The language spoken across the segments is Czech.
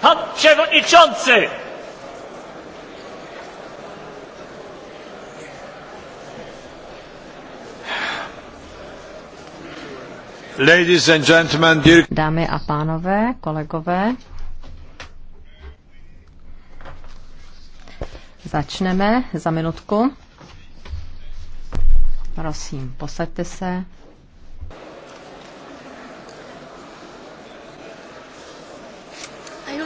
Pan przewodniczący! Ladies and gentlemen, dear... Dámy a pánové, kolegové, začneme za minutku. Prosím, posaďte se.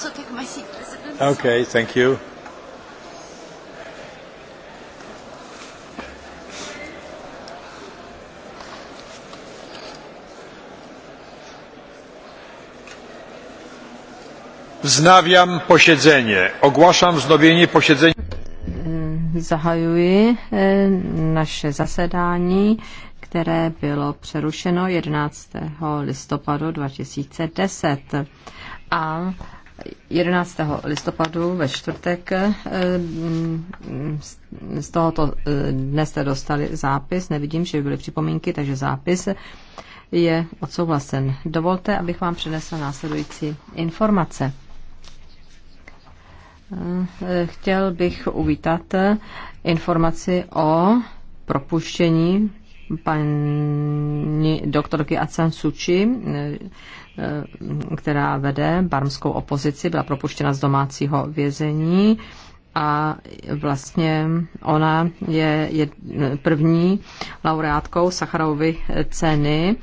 also take my seat, President. Okay, thank you. Wznawiam posiedzenie. Ogłaszam wznowienie posiedzenia. Mm, zahajuji e, naše zasedání, které bylo přerušeno 11. listopadu 2010. A 11. listopadu ve čtvrtek eh, mm, z tohoto eh, dne jste dostali zápis, nevidím, že by byly připomínky, takže zápis je odsouhlasen. Dovolte, abych vám přinesla následující informace. Eh, chtěl bych uvítat informaci o propuštění paní doktorky Acan Suči, eh, eh, která vede barmskou opozici, byla propuštěna z domácího vězení a vlastně ona je, je první laureátkou Sacharovy ceny,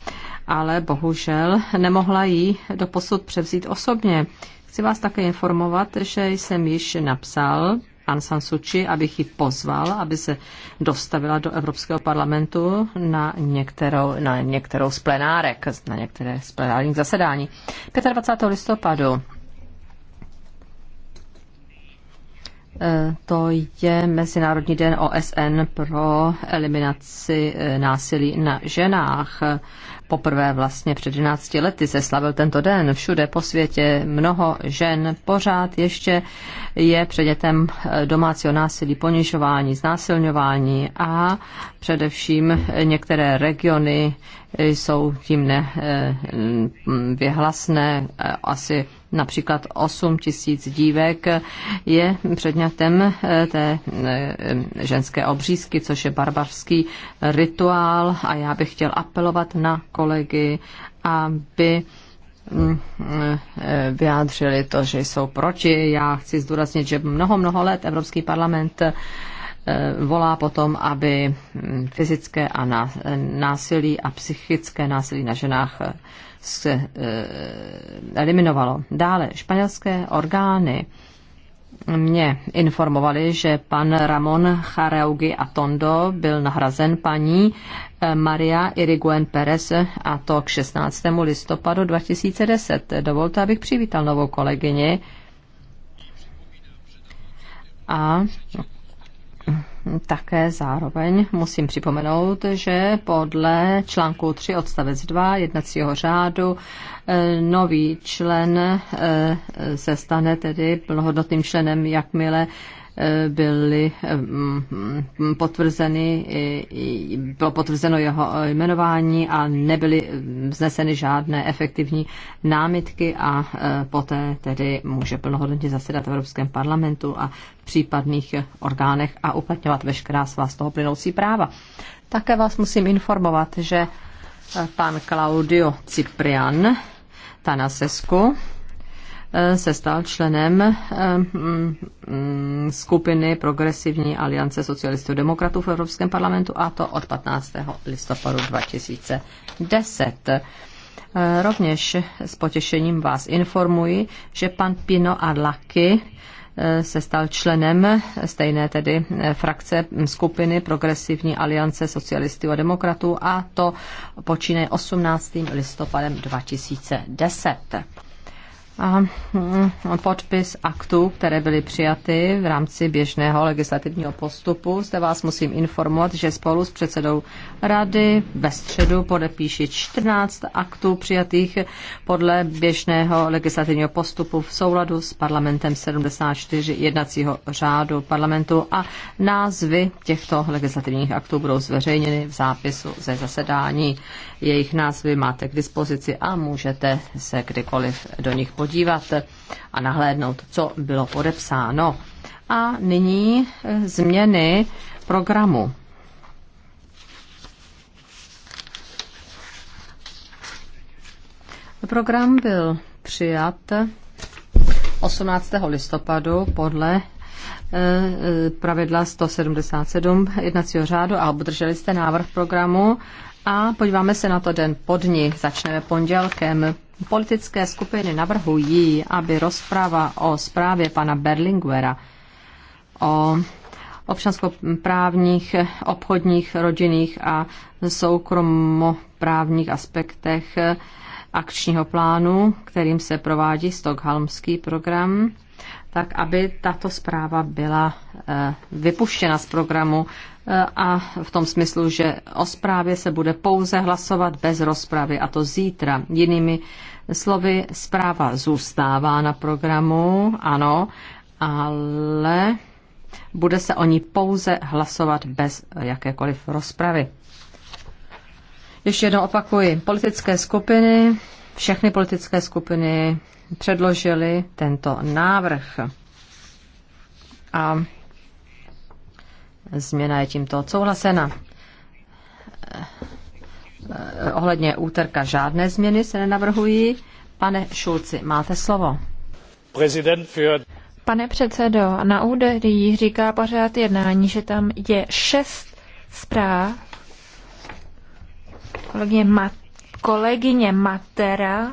ale bohužel nemohla ji posud převzít osobně. Chci vás také informovat, že jsem již napsal Aung San Suu Kyi, abych ji pozval, aby se dostavila do Evropského parlamentu na některou, na některou z plenárek, na některé z plenárních zasedání. 25. listopadu E, to je Mezinárodní den OSN pro eliminaci e, násilí na ženách. Poprvé vlastně před 11 lety se slavil tento den. Všude po světě mnoho žen pořád ještě je předmětem e, domácího násilí, ponižování, znásilňování a především některé regiony jsou tím ne, eh, vyhlasné. Asi například 8 tisíc dívek je předmětem eh, té eh, ženské obřízky, což je barbarský rituál a já bych chtěl apelovat na kolegy, aby mm, vyjádřili to, že jsou proti. Já chci zdůraznit, že mnoho, mnoho let Evropský parlament Eh, volá potom, aby hm, fyzické a násilí a psychické násilí na ženách eh, se eh, eliminovalo. Dále španělské orgány mě informovali, že pan Ramon Chareugi Atondo byl nahrazen paní Maria Iriguen Perez a to k 16. listopadu 2010. Dovolte, abych přivítal novou kolegyni a také zároveň musím připomenout, že podle článku 3 odstavec 2 jednacího řádu eh, nový člen eh, se stane tedy plnohodnotným členem, jakmile byly mm, potvrzeny, bylo potvrzeno jeho jmenování a nebyly vzneseny žádné efektivní námitky a e, poté tedy může plnohodnotně zasedat v Evropském parlamentu a v případných orgánech a uplatňovat veškerá svá z toho plynoucí práva. Také vás musím informovat, že e, pan Claudio Ciprian Tanasescu Eh, se stal členem eh, mm, mm, skupiny Progresivní aliance socialistů demokratů v Evropském parlamentu a to od 15. listopadu 2010. Eh, rovněž s potěšením vás informuji, že pan Pino Adlaki se stal členem stejné tedy frakce mm, skupiny Progresivní aliance socialistů a demokratů a to počínaje 18. listopadem 2010 a mm, podpis aktů, které byly přijaty v rámci běžného legislativního postupu. Zde vás musím informovat, že spolu s předsedou rady ve středu podepíši 14 aktů přijatých podle běžného legislativního postupu v souladu s parlamentem 74 jednacího řádu parlamentu a názvy těchto legislativních aktů budou zveřejněny v zápisu ze zasedání. Jejich názvy máte k dispozici a můžete se kdykoliv do nich podívat a nahlédnout, co bylo podepsáno. A nyní změny programu. Program byl přijat 18. listopadu podle eh, eh, pravidla 177 jednacího řádu a obdrželi jste návrh programu a podíváme se na to den po dni. Začneme pondělkem. Politické skupiny navrhují, aby rozprava o zprávě pana Berlinguera o občanskoprávních, obchodních, rodinných a soukromoprávních aspektech akčního plánu, kterým se provádí Stockholmský program, tak aby tato zpráva byla eh, vypuštěna z programu eh, a v tom smyslu, že o zprávě se bude pouze hlasovat bez rozpravy, a to zítra. Jinými slovy, zpráva zůstává na programu, ano, ale bude se o ní pouze hlasovat bez jakékoliv rozpravy. Ještě jednou opakuji, politické skupiny, všechny politické skupiny předložili tento návrh. A změna je tímto odsouhlasena. Eh, ohledně úterka žádné změny se nenavrhují. Pane Šulci, máte slovo. Pane předsedo, na úderý říká pořád jednání, že tam je šest zpráv kolegyně, Mat- kolegyně Matera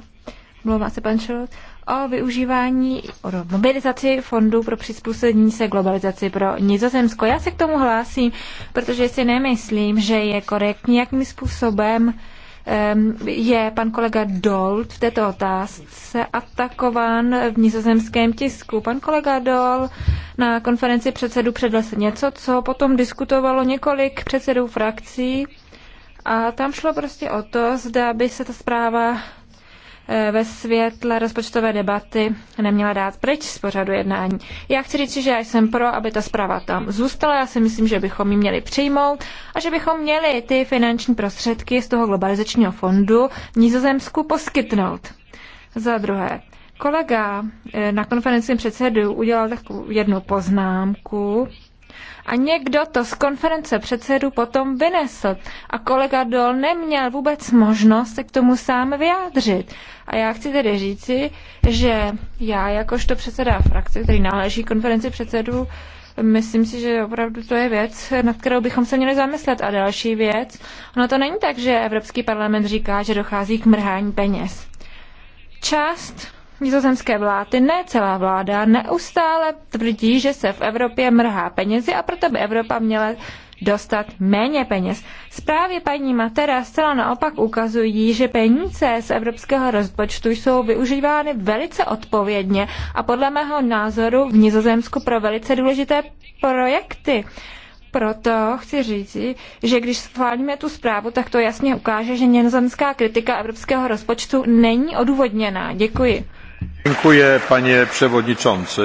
mluvá se pan Šelot, o využívání, o mobilizaci fondů pro přizpůsobení se globalizaci pro Nizozemsko. Já se k tomu hlásím, protože si nemyslím, že je korektní, jakým způsobem je pan kolega Dolt v této otázce atakován v nizozemském tisku. Pan kolega Dol na konferenci předsedů předlesl něco, co potom diskutovalo několik předsedů frakcí a tam šlo prostě o to, zda by se ta zpráva Eh, ve světle rozpočtové debaty neměla dát pryč z pořadu jednání. Já chci říct, že já jsem pro, aby ta zpráva tam zůstala. Já si myslím, že bychom ji měli přijmout a že bychom měli ty finanční prostředky z toho globalizačního fondu Nizozemsku poskytnout. Za druhé, kolega eh, na konferenci předsedů udělal takovou jednu poznámku, a někdo to z konference předsedů potom vynesl a kolega Dol neměl vůbec možnost se k tomu sám vyjádřit. A já chci tedy říci, že já jakožto předseda frakce, který náleží konferenci předsedů, myslím si, že opravdu to je věc, nad kterou bychom se měli zamyslet. A další věc, No to není tak, že Evropský parlament říká, že dochází k mrhání peněz. Část nizozemské vlády, ne celá vláda, neustále tvrdí, že se v Evropě mrhá penězi a proto by Evropa měla dostat méně peněz. Zprávy paní Matera zcela naopak ukazují, že peníze z evropského rozpočtu jsou využívány velice odpovědně a podle mého názoru v Nizozemsku pro velice důležité projekty. Proto chci říci, že když schválíme tu zprávu, tak to jasně ukáže, že nizozemská kritika evropského rozpočtu není odůvodněná. Děkuji. Děkuji, pane předsedající.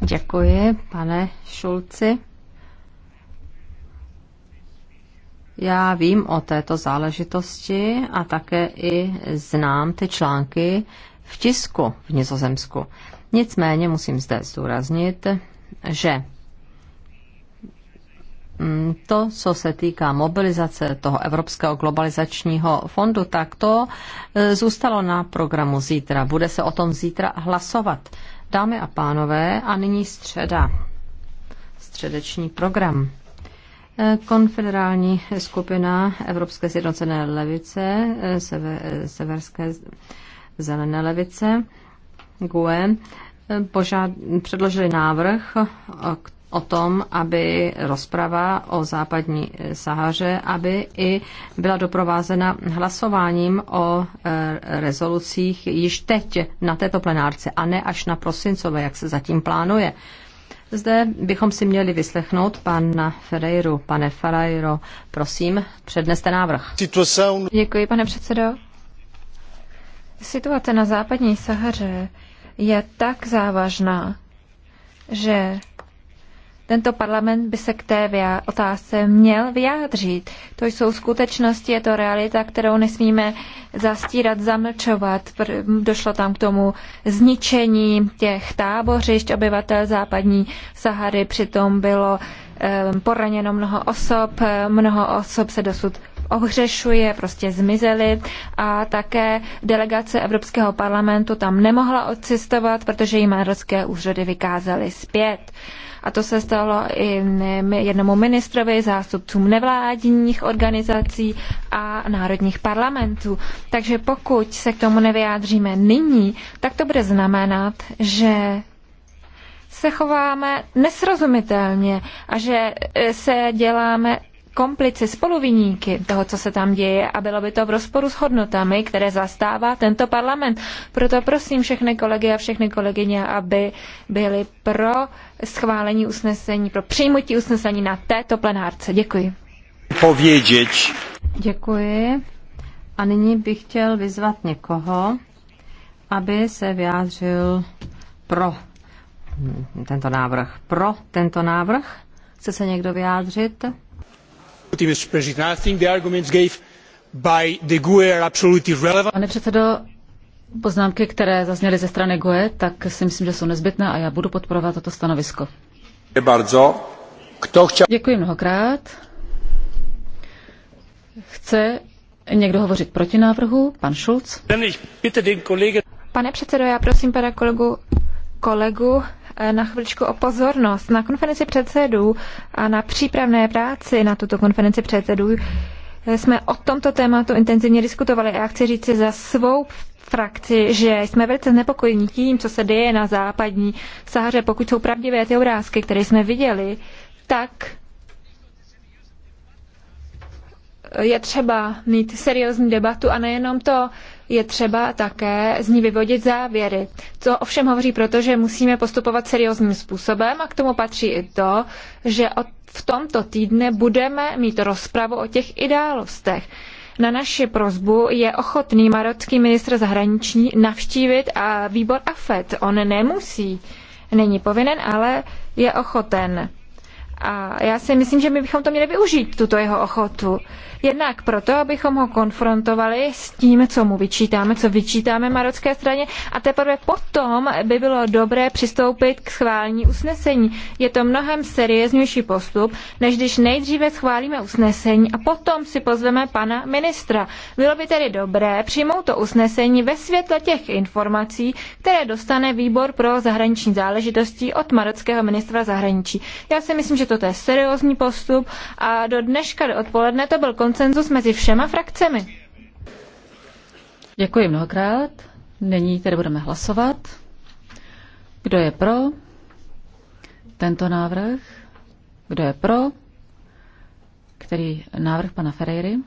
Děkuji, pane Šulci. Já vím o této záležitosti a také i znám ty články v tisku v Nizozemsku. Nicméně musím zde zdůraznit, že Mm, to, co se týká mobilizace toho Evropského globalizačního fondu, tak to e, zůstalo na programu zítra. Bude se o tom zítra hlasovat. Dámy a pánové, a nyní středa. Středeční program. E, konfederální skupina Evropské sjednocené levice, e, sever, severské zelené levice, GUE, požád, předložili návrh k o tom, aby rozprava o západní Sahaře, aby i byla doprovázena hlasováním o e, rezolucích již teď na této plenárce a ne až na prosincové, jak se zatím plánuje. Zde bychom si měli vyslechnout pana Ferreiru. Pane Ferreiro, prosím, předneste návrh. Děkuji, pane předsedo. Situace na západní Sahaře je tak závažná, že tento parlament by se k té otázce měl vyjádřit. To jsou skutečnosti, je to realita, kterou nesmíme zastírat, zamlčovat. Došlo tam k tomu zničení těch tábořišť obyvatel západní Sahary, přitom bylo eh, poraněno mnoho osob, eh, mnoho osob se dosud ohřešuje, prostě zmizely a také delegace Evropského parlamentu tam nemohla odcestovat, protože jí maďarské úřady vykázaly zpět. A to se stalo i jednomu ministrovi, zástupcům nevládních organizací a národních parlamentů. Takže pokud se k tomu nevyjádříme nyní, tak to bude znamenat, že se chováme nesrozumitelně a že e, se děláme komplici, spoluviníky toho, co se tam děje a bylo by to v rozporu s hodnotami, které zastává tento parlament. Proto prosím všechny kolegy a všechny kolegyně, aby byli pro schválení usnesení, pro přijmutí usnesení na této plenárce. Děkuji. Povědět. Děkuji. A nyní bych chtěl vyzvat někoho, aby se vyjádřil pro tento návrh. Pro tento návrh. Chce se někdo vyjádřit? Pane předsedo, poznámky, které zazněly ze strany GUE, tak si myslím, že jsou nezbytné a já budu podporovat toto stanovisko. Děkuji mnohokrát. Chce někdo hovořit proti návrhu? Pan Schulz? Pane předsedo, já prosím pana kolegu, kolegu Eh, na chviličku o pozornost. Na konferenci předsedů a na přípravné práci na tuto konferenci předsedů eh, jsme o tomto tématu intenzivně diskutovali a já chci říct si za svou frakci, že jsme velice znepokojeni tím, co se děje na západní Sahaře. Pokud jsou pravdivé ty obrázky, které jsme viděli, tak je třeba mít seriózní debatu a nejenom to, je třeba také z ní vyvodit závěry. To ovšem hovoří proto, že musíme postupovat seriózním způsobem a k tomu patří i to, že v tomto týdne budeme mít rozpravu o těch ideálostech. Na naši prozbu je ochotný marocký ministr zahraniční navštívit a výbor AFET. On nemusí, není povinen, ale je ochoten. A já si myslím, že my bychom to měli využít, tuto jeho ochotu. Jednak proto, abychom ho konfrontovali s tím, co mu vyčítáme, co vyčítáme marocké straně a teprve potom by bylo dobré přistoupit k schválení usnesení. Je to mnohem serióznější postup, než když nejdříve schválíme usnesení a potom si pozveme pana ministra. Bylo by tedy dobré přijmout to usnesení ve světle těch informací, které dostane výbor pro zahraniční záležitosti od marockého ministra zahraničí. Já si myslím, že toto je seriózní postup a do dneška do odpoledne to byl konsenzus mezi všema frakcemi. Děkuji mnohokrát. Nyní tedy budeme hlasovat. Kdo je pro tento návrh? Kdo je pro? Který návrh pana Ferreiry?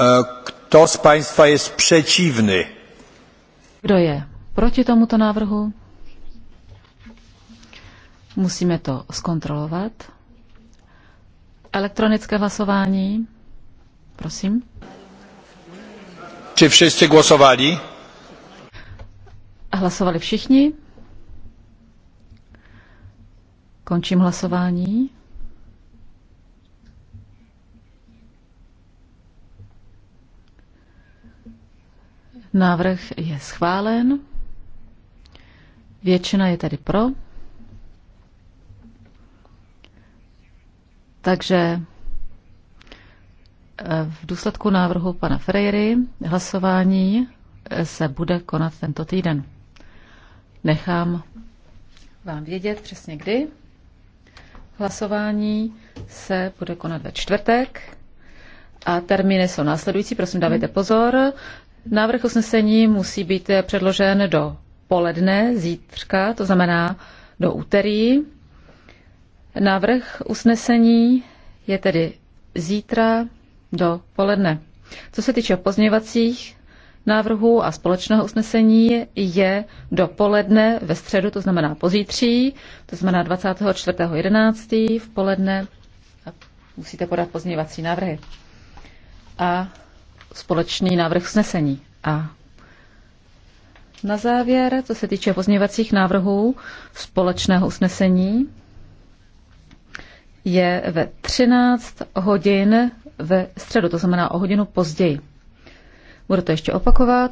Eh, Kto z Państwa jest przeciwny? Kdo je proti tomuto návrhu? Musíme to zkontrolovat. Elektronické hlasování. Prosím. Či všichni hlasovali? Hlasovali všichni. Končím hlasování. Návrh je schválen. Většina je tedy pro. Takže eh, v důsledku návrhu pana Ferreiry hlasování eh, se bude konat tento týden. Nechám vám vědět přesně kdy. Hlasování se bude konat ve čtvrtek a termíny jsou následující. Prosím, dávejte mhm. pozor. Návrh usnesení musí být eh, předložen do poledne zítřka, to znamená do úterý Návrh usnesení je tedy zítra do poledne. Co se týče pozměňovacích návrhů a společného usnesení, je do poledne ve středu, to znamená pozítří, to znamená 24.11. v poledne musíte podat pozměňovací návrhy a společný návrh usnesení. A na závěr, co se týče pozměňovacích návrhů společného usnesení, je ve 13 hodin ve středu, to znamená o hodinu později. Budu to ještě opakovat.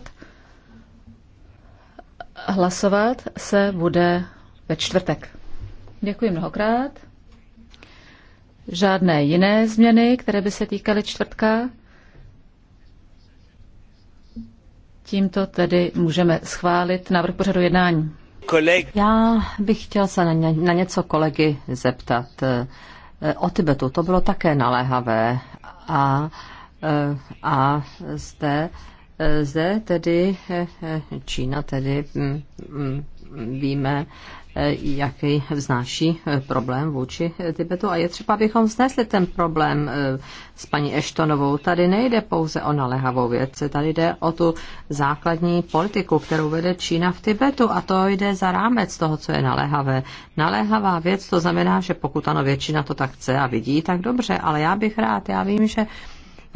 Hlasovat se bude ve čtvrtek. Děkuji mnohokrát. Žádné jiné změny, které by se týkaly čtvrtka. Tímto tedy můžeme schválit návrh pořadu jednání. Já bych chtěl se na, ně, na něco kolegy zeptat o Tibetu. To bylo také naléhavé a, e, a zde lze tedy eh, Čína tedy mm, mm, víme, eh, jaký vznáší eh, problém vůči Tibetu a je třeba, abychom vznesli ten problém s paní Eštonovou. Tady nejde pouze o naléhavou věc, tady jde o tu základní politiku, kterou vede Čína v Tibetu a to jde za rámec toho, co je naléhavé. Naléhavá věc to znamená, že pokud ano, většina to tak chce a vidí, tak dobře, ale já bych rád, já vím, že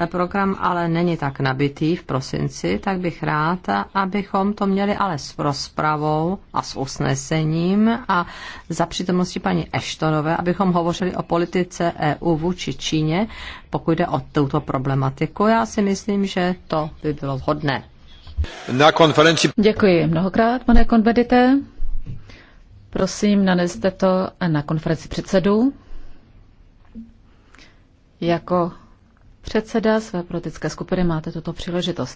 program ale není tak nabitý v prosinci, tak bych rád, abychom to měli ale s rozpravou a s usnesením a za přítomnosti paní Eštonové, abychom hovořili o politice EU vůči Číně, pokud jde o tuto problematiku. Já si myslím, že to by bylo vhodné. Na konferenci... Děkuji mnohokrát, pane konvedite. Prosím, naneste to na konferenci předsedů. Jako předseda své politické skupiny máte tuto příležitost.